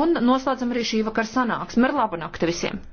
Un noslēdzam arī šī vakara sanāksmi. Ar labu nakti visiem!